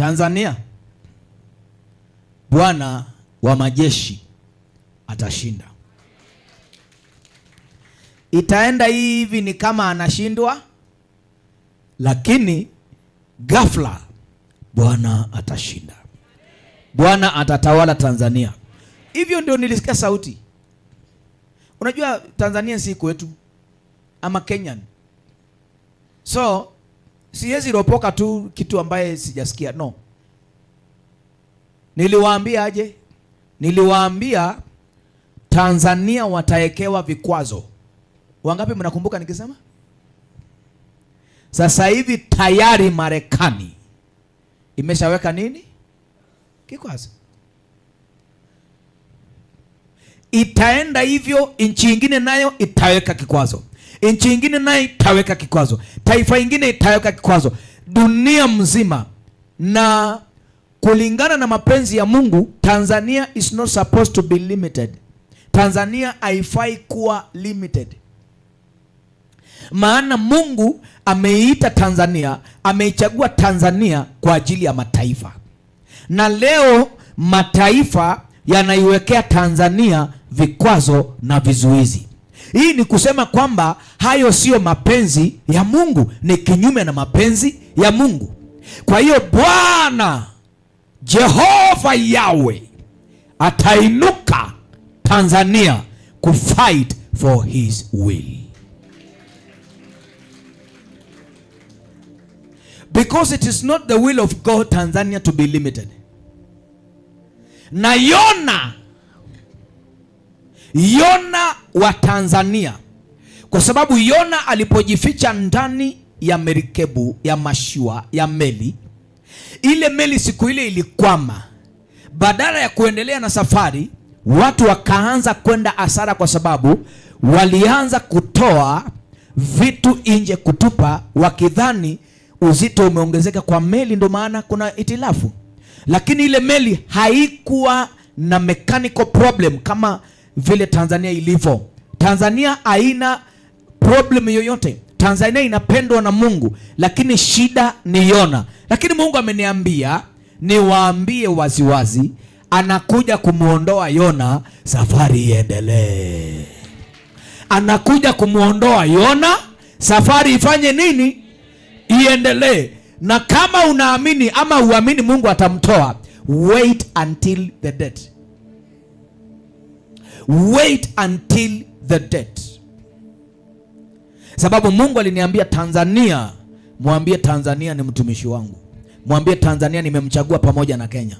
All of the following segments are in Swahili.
Tanzania, Bwana wa majeshi atashinda. Itaenda hivi, ni kama anashindwa, lakini ghafla Bwana atashinda, Bwana atatawala Tanzania. Hivyo ndio nilisikia sauti. Unajua Tanzania si kwetu ama Kenyan, so Siwezi ropoka tu kitu ambaye sijasikia. No, niliwaambia aje? Niliwaambia Tanzania watawekewa vikwazo. Wangapi mnakumbuka nikisema? Sasa hivi tayari Marekani imeshaweka nini kikwazo. Itaenda hivyo, nchi ingine nayo itaweka kikwazo. Nchi ingine naye itaweka kikwazo, taifa ingine itaweka kikwazo, dunia mzima. Na kulingana na mapenzi ya Mungu, Tanzania is not supposed to be limited. Tanzania haifai kuwa limited, maana Mungu ameiita Tanzania, ameichagua Tanzania kwa ajili ya mataifa, na leo mataifa yanaiwekea Tanzania vikwazo na vizuizi. Hii ni kusema kwamba hayo siyo mapenzi ya Mungu, ni kinyume na mapenzi ya Mungu. Kwa hiyo Bwana Jehova Yawe atainuka Tanzania kufight for his will because it is not the will of God Tanzania to be limited. Nayona Yona wa Tanzania, kwa sababu Yona alipojificha ndani ya merikebu ya mashua ya meli, ile meli siku ile ilikwama. Badala ya kuendelea na safari, watu wakaanza kwenda asara, kwa sababu walianza kutoa vitu nje kutupa, wakidhani uzito umeongezeka kwa meli, ndio maana kuna itilafu. Lakini ile meli haikuwa na mechanical problem kama vile Tanzania ilivyo. Tanzania haina problem yoyote. Tanzania inapendwa na Mungu, lakini shida ni Yona. Lakini Mungu ameniambia niwaambie waziwazi, anakuja kumwondoa Yona, safari iendelee. Anakuja kumwondoa Yona, safari ifanye nini? Iendelee. Na kama unaamini ama uamini Mungu atamtoa, wait until the date wait until the date, sababu Mungu aliniambia Tanzania, mwambie Tanzania ni mtumishi wangu, mwambie Tanzania nimemchagua pamoja na Kenya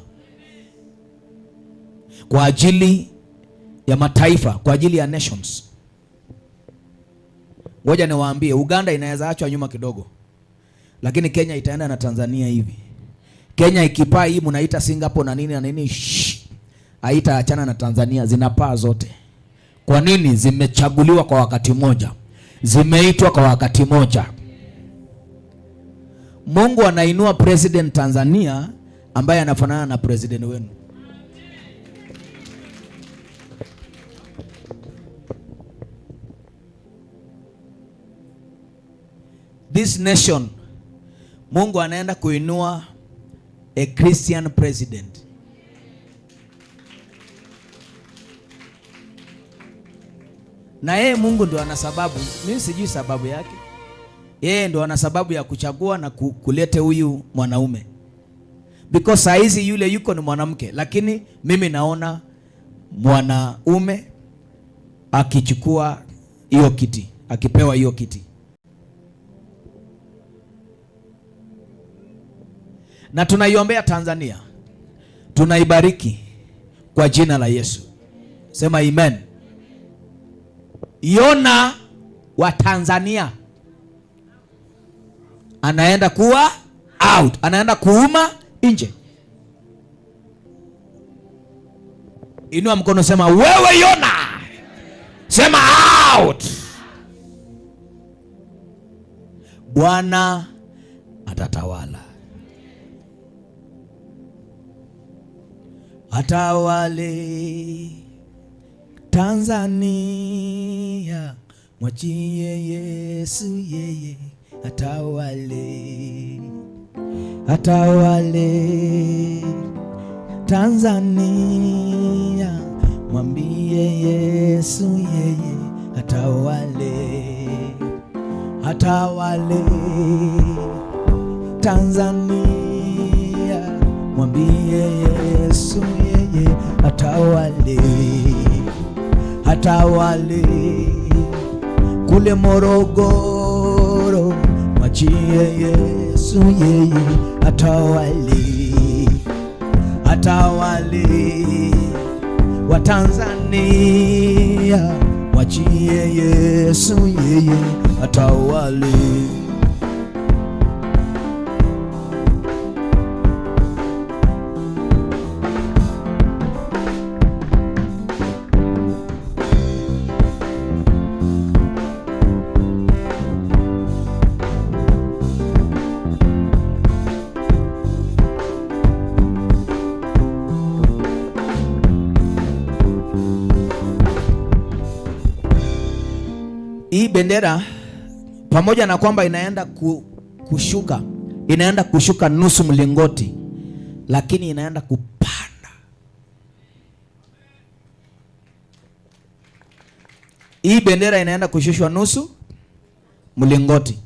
kwa ajili ya mataifa, kwa ajili ya nations. Ngoja niwaambie, Uganda inaweza achwa nyuma kidogo, lakini Kenya itaenda na Tanzania hivi. Kenya ikipaa hii mnaita Singapore na nini na nini. Shh haitaachana na Tanzania, zinapaa zote. Kwa nini? Zimechaguliwa kwa wakati mmoja, zimeitwa kwa wakati mmoja. Mungu anainua president Tanzania ambaye anafanana na president wenu. This nation Mungu anaenda kuinua a Christian president. na yeye Mungu ndio ana sababu, mimi sijui sababu yake. Yeye ndio ana sababu ya kuchagua na kulete huyu mwanaume, because saa hizi yule yuko ni mwanamke, lakini mimi naona mwanaume akichukua hiyo kiti, akipewa hiyo kiti. Na tunaiombea Tanzania, tunaibariki kwa jina la Yesu. Sema amen. Yona wa Tanzania anaenda kuwa out, anaenda kuuma nje. Inua mkono, sema wewe Yona, sema out. Bwana atatawala, atawale Tanzania, mwachie Yesu, yeye atawale, atawale. Tanzania, mwambie Yesu, yeye atawale, atawale. Tanzania, mwambie Yesu, yeye atawale hata wale kule Morogoro, mwachie Yesu yeye atawale, atawale wa Tanzania, mwachie Yesu yeye atawale. bendera pamoja na kwamba inaenda ku, kushuka inaenda kushuka nusu mlingoti, lakini inaenda kupanda. Hii bendera inaenda kushushwa nusu mlingoti.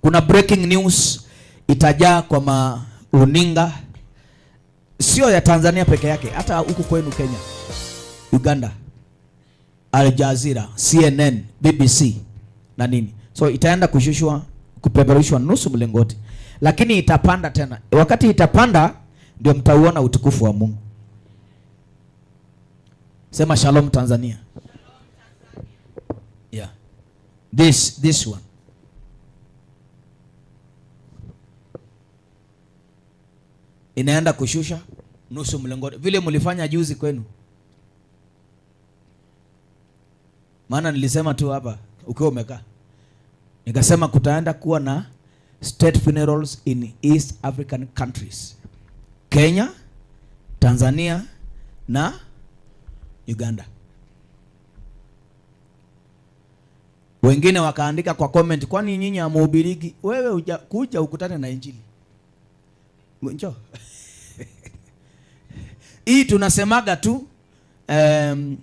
Kuna breaking news itajaa kwa mauninga, sio ya Tanzania peke yake, hata huku kwenu Kenya, Uganda. Al Jazeera, CNN, BBC na nini, so itaenda kushushwa, kupeperushwa nusu mlingoti, lakini itapanda tena. Wakati itapanda, ndio mtauona utukufu wa Mungu. Sema shalom Tanzania. Yeah. This, this one. Inaenda kushusha nusu mlingoti vile mlifanya juzi kwenu. Maana nilisema tu hapa ukiwa umekaa, nikasema kutaenda kuwa na state funerals in East African countries, Kenya, Tanzania na Uganda. Wengine wakaandika kwa comment, kwani nyinyi amuhubiriki? Wewe uja, kuja ukutane na injili njo hii tunasemaga tu um,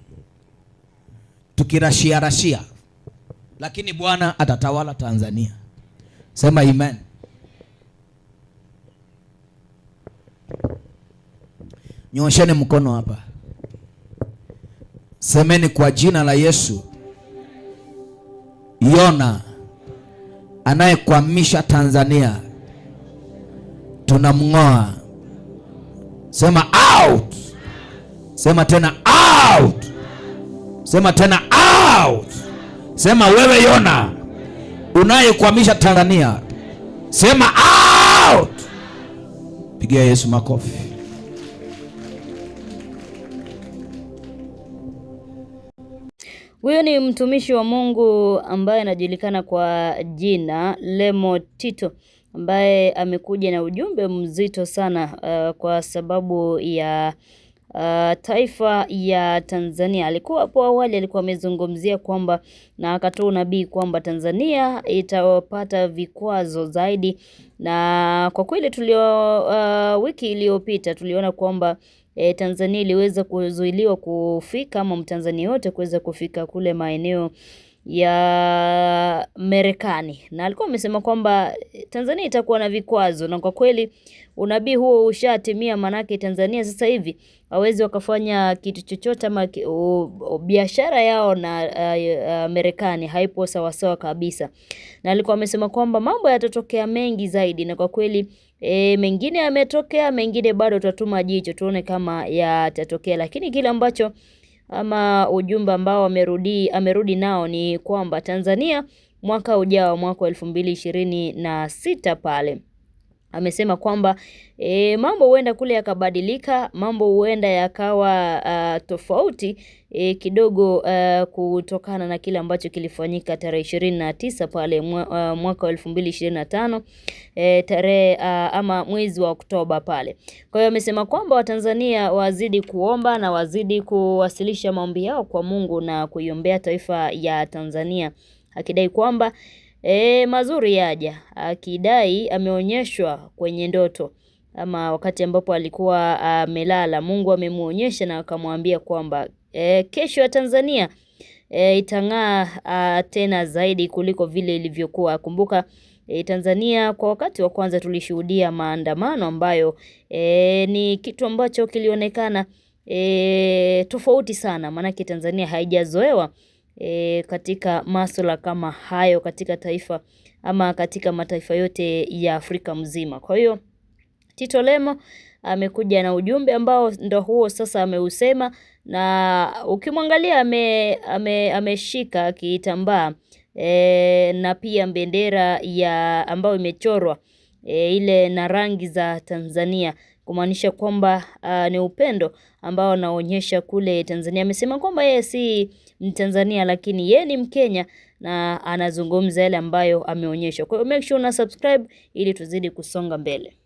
tukirashia rashia, lakini Bwana atatawala Tanzania. Sema amen. Nyosheni mkono hapa, semeni kwa jina la Yesu, Yona anayekwamisha Tanzania tunamng'oa. Sema out. Sema tena out. Sema tena out. Sema wewe Yona unayekwamisha Tanzania, sema out. Pigia Yesu makofi. Huyu ni mtumishi wa Mungu ambaye anajulikana kwa jina Lemo Tito ambaye amekuja na ujumbe mzito sana uh, kwa sababu ya uh, taifa ya Tanzania. Alikuwa hapo awali alikuwa amezungumzia kwamba na akatoa unabii kwamba Tanzania itapata vikwazo zaidi, na kwa kweli tulio uh, wiki iliyopita tuliona kwamba E, Tanzania iliweza kuzuiliwa kufika ama Mtanzania yote kuweza kufika kule maeneo ya Marekani na alikuwa amesema kwamba Tanzania itakuwa na vikwazo, na kwa kweli unabii huo ushatimia, maanake Tanzania sasa hivi hawezi wakafanya kitu chochote ama biashara yao na uh, uh, Marekani haipo sawasawa kabisa, na alikuwa amesema kwamba mambo yatatokea mengi zaidi, na kwa kweli e, mengine yametokea, mengine bado tutatuma jicho tuone kama yatatokea, lakini kile ambacho ama ujumbe ambao amerudi amerudi nao ni kwamba Tanzania mwaka ujao mwaka wa elfu mbili ishirini na sita pale amesema kwamba e, mambo huenda kule yakabadilika, mambo huenda yakawa uh, tofauti e, kidogo uh, kutokana na kile ambacho kilifanyika tarehe ishirini na tisa pale ah, mwaka wa elfu mbili ishirini na tano e, tarehe uh, ama mwezi wa Oktoba pale. Kwa hiyo amesema kwamba Watanzania wazidi kuomba na wazidi kuwasilisha maombi yao kwa Mungu na kuiombea taifa ya Tanzania akidai kwamba E, mazuri yaja akidai ameonyeshwa kwenye ndoto ama wakati ambapo alikuwa amelala, Mungu amemuonyesha na akamwambia kwamba e, kesho ya Tanzania e, itang'aa tena zaidi kuliko vile ilivyokuwa. Kumbuka e, Tanzania kwa wakati wa kwanza tulishuhudia maandamano ambayo e, ni kitu ambacho kilionekana e, tofauti sana, maanake Tanzania haijazoewa e, katika masuala kama hayo katika taifa ama katika mataifa yote ya Afrika mzima. Kwa hiyo Tito Lemo amekuja na ujumbe ambao ndo huo sasa ameusema, na ukimwangalia ame, ame, ameshika kitambaa e, na pia bendera ya ambayo imechorwa e, ile na rangi za Tanzania kumaanisha kwamba uh, ni upendo ambao anaonyesha kule Tanzania. Amesema kwamba yeye si Mtanzania lakini ye ni Mkenya na anazungumza yale ambayo ameonyeshwa. Kwa hiyo make sure una subscribe ili tuzidi kusonga mbele.